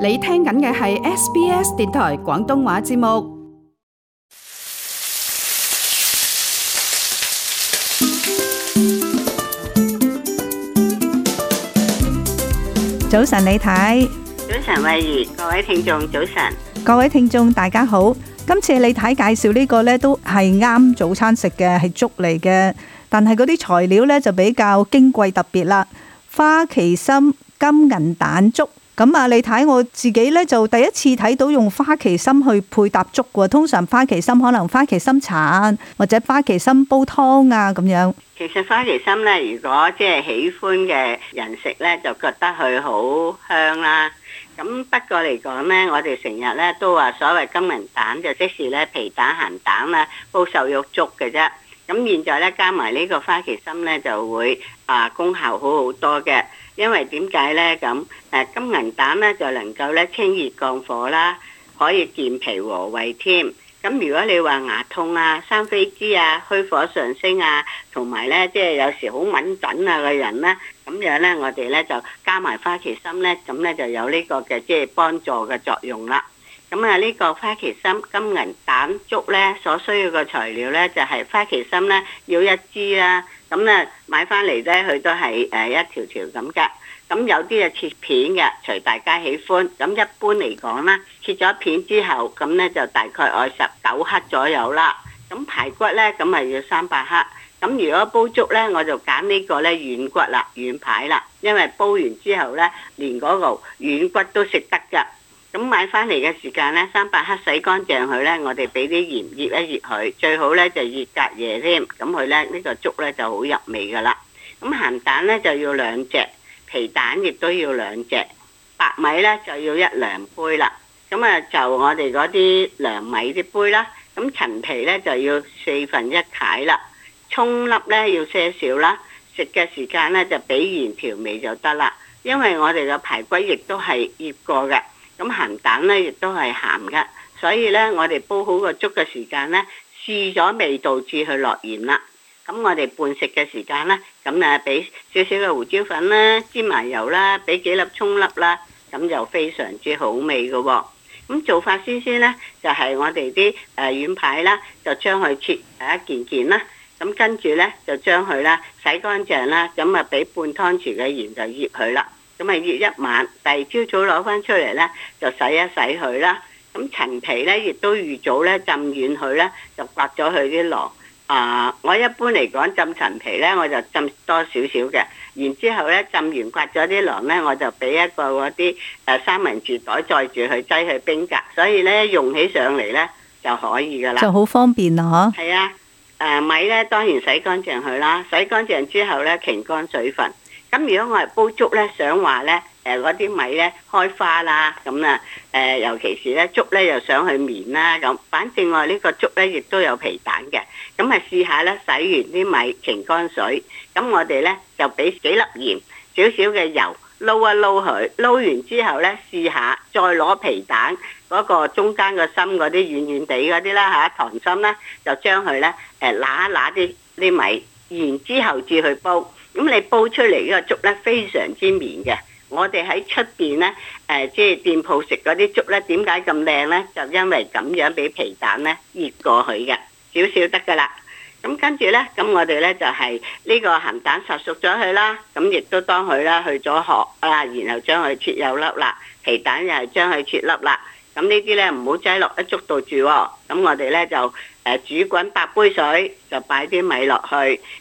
你聽緊嘅係 SBS 電台廣東話節目。早晨，李太。早晨，慧如，各位聽眾，早晨。各位聽眾，大家好。今次李太介紹呢個呢，都係啱早餐食嘅，係粥嚟嘅。但係嗰啲材料呢就比較矜貴特別啦，花旗參、金銀蛋粥。咁啊，你睇我自己咧，就第一次睇到用花旗參去配搭粥喎。通常花旗參可能花旗參茶或者花旗參煲湯啊咁樣。其實花旗參咧，如果即係喜歡嘅人食咧，就覺得佢好香啦。咁不過嚟講咧，我哋成日咧都話所謂金銀蛋就即是咧皮蛋鹹蛋啦，煲瘦肉粥嘅啫。咁現在咧加埋呢個花旗參咧就會啊功效好好多嘅，因為點解咧咁誒金銀蛋咧就能夠咧清熱降火啦，可以健脾和胃添。咁如果你話牙痛啊、生痱滋啊、虛火上升啊，同埋咧即係有時好敏感啊嘅人咧，咁樣咧我哋咧就加埋花旗參咧，咁咧就有呢個嘅即係幫助嘅作用啦。咁啊，呢個花旗參、金銀蛋粥呢所需要嘅材料呢，就係、是、花旗參呢要一支啦、啊。咁呢買翻嚟呢，佢都係誒、呃、一條條咁嘅。咁有啲係切片嘅，隨大家喜歡。咁一般嚟講啦，切咗片之後，咁呢就大概愛十九克左右啦。咁排骨呢，咁咪要三百克。咁如果煲粥呢，我就揀呢個呢軟骨啦、軟排啦，因為煲完之後呢，連嗰嚿軟骨都食得㗎。咁買翻嚟嘅時間呢，三百克洗乾淨佢呢，我哋俾啲鹽醃一醃佢，最好呢就醃隔夜添。咁佢呢，呢、呢個粥呢就好入味㗎啦。咁鹹蛋呢，就要兩隻，皮蛋亦都要兩隻，白米呢，就要一量杯啦。咁啊，就我哋嗰啲量米啲杯啦。咁陳皮呢，就要四分一攤啦。葱粒呢，要些少啦。食嘅時間呢，就俾鹽調味就得啦。因為我哋嘅排骨亦都係醃過嘅。咁鹹蛋咧，亦都係鹹嘅，所以咧，我哋煲好個粥嘅時間咧，試咗味道至去落鹽啦。咁我哋半食嘅時間咧，咁啊，俾少少嘅胡椒粉啦，芝麻油啦，俾幾粒葱粒啦，咁就非常之好味嘅喎、哦。咁做法先先咧，就係、是、我哋啲誒軟排啦，就將佢切一件件啦。咁跟住咧，就將佢啦洗乾淨啦，咁啊俾半湯匙嘅鹽就醃佢啦。咁咪熱一晚，第二朝早攞翻出嚟呢，就洗一洗佢啦。咁陳皮呢，亦都預早呢浸軟佢呢，就刮咗佢啲鱗。啊、呃，我一般嚟講浸陳皮呢，我就浸多少少嘅。然之後呢，浸完刮咗啲鱗呢，我就俾一個嗰啲誒三文治袋載住佢擠去冰格，所以呢，用起上嚟呢就可以噶啦。就好方便咯，嗬？係啊，誒、呃、米呢，當然洗乾淨佢啦，洗乾淨之後呢，傾乾水分。咁如果我係煲粥咧，想話咧，誒嗰啲米咧開花啦，咁啊，誒、呃、尤其是咧粥咧又想去綿啦，咁反正我呢個粥咧亦都有皮蛋嘅，咁咪試下咧，洗完啲米，濘乾水，咁我哋咧就俾幾粒鹽，少少嘅油，撈一撈佢，撈完之後咧試下，再攞皮蛋嗰、那個中間個心嗰啲軟軟地嗰啲啦嚇糖心啦，就將佢咧誒揦一揦啲啲米，然之後至去煲。咁你煲出嚟呢個粥呢，非常之綿嘅。我哋喺出邊呢，誒即係店鋪食嗰啲粥呢，點解咁靚呢？就因為咁樣俾皮蛋呢醃過去嘅，少少得噶啦。咁跟住呢，咁我哋呢就係、是、呢個鹹蛋煠熟咗佢啦。咁亦都當佢啦去咗殼啊，然後將佢切有粒啦，皮蛋又係將佢切粒啦。咁呢啲呢，唔好擠落啲粥度住。咁我哋呢就。煮滾八杯水，就擺啲米落去。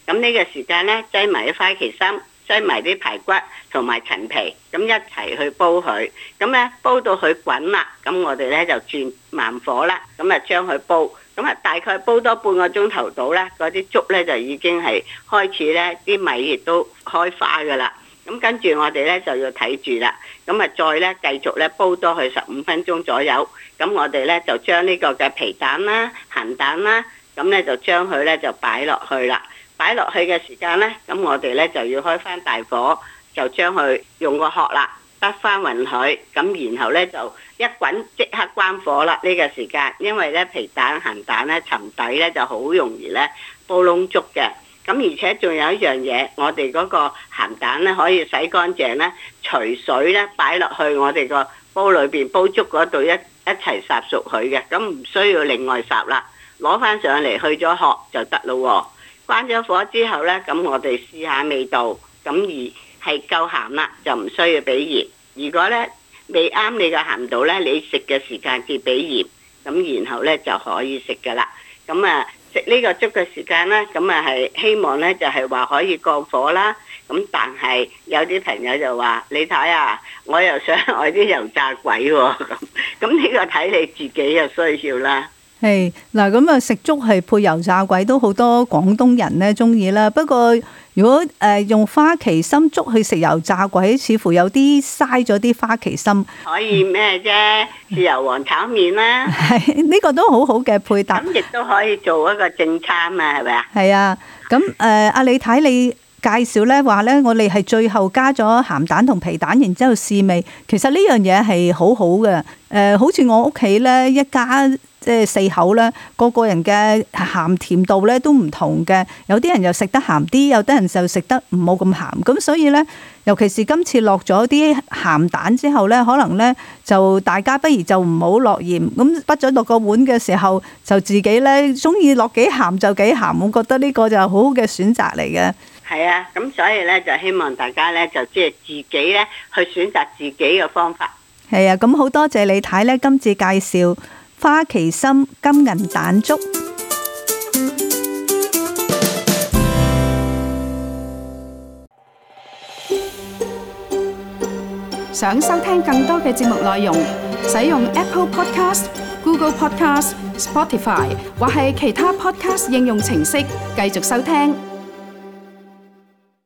咁呢個時間呢，擠埋啲花旗參，擠埋啲排骨同埋陳皮，咁一齊去煲佢。咁呢，煲到佢滾啦。咁我哋呢，就轉慢火啦。咁啊，將佢煲。咁啊，大概煲多半個鐘頭到呢，嗰啲粥呢，就已經係開始呢啲米亦都開花噶啦。咁跟住我哋咧就要睇住啦，咁啊再咧繼續咧煲多佢十五分鐘左右，咁我哋咧就將呢個嘅皮蛋啦、鹹蛋啦，咁咧就將佢咧就擺落去啦。擺落去嘅時間咧，咁我哋咧就要開翻大火，就將佢用個殼啦，得翻勻佢，咁然後咧就一滾即刻關火啦，呢個時間，因為咧皮蛋鹹蛋咧沉底咧就好容易咧煲窿粥嘅。咁而且仲有一樣嘢，我哋嗰個鹹蛋咧可以洗乾淨咧，隨水咧擺落去我哋個煲裏邊煲粥嗰度一一齊烚熟佢嘅，咁唔需要另外烚啦，攞翻上嚟去咗殼就得咯喎。關咗火之後咧，咁我哋試下味道，咁而係夠鹹啦，就唔需要俾鹽。如果咧未啱你嘅鹹度咧，你食嘅時間至俾鹽，咁然後咧就可以食噶啦。咁啊～食呢個粥嘅時間咧，咁啊係希望呢就係話可以降火啦。咁但係有啲朋友就話：你睇啊，我又想愛啲油炸鬼喎、哦。咁咁呢個睇你自己嘅需要啦。係，嗱咁啊食粥係配油炸鬼都好多廣東人咧，中意啦。不過如果誒用花旗參粥去食油炸鬼，似乎有啲嘥咗啲花旗參。可以咩啫？豉油皇炒麵啦，呢個都好好嘅配搭。咁亦都可以做一個正餐啊，係咪啊？係啊，咁誒，阿李太你睇你。介紹咧話咧，我哋係最後加咗鹹蛋同皮蛋，然之後試味。其實呢樣嘢係好好嘅。誒、呃，好似我屋企咧，一家即係四口咧，個個人嘅鹹甜度咧都唔同嘅。有啲人又食得鹹啲，有啲人就食得唔冇咁鹹。咁所以咧，尤其是今次落咗啲鹹蛋之後咧，可能咧就大家不如就唔好落鹽。咁畢咗落個碗嘅時候，就自己咧鍾意落幾鹹就幾鹹。我覺得呢個就好好嘅選擇嚟嘅。係啊，咁所以咧就希望大家咧就即係自己咧去選擇自己嘅方法。係啊，咁好多謝李太咧今次介紹花旗參、金銀蛋粥。想收聽更多嘅節目內容，使用 Apple Podcast、Google Podcast、Spotify 或係其他 Podcast 應用程式繼續收聽。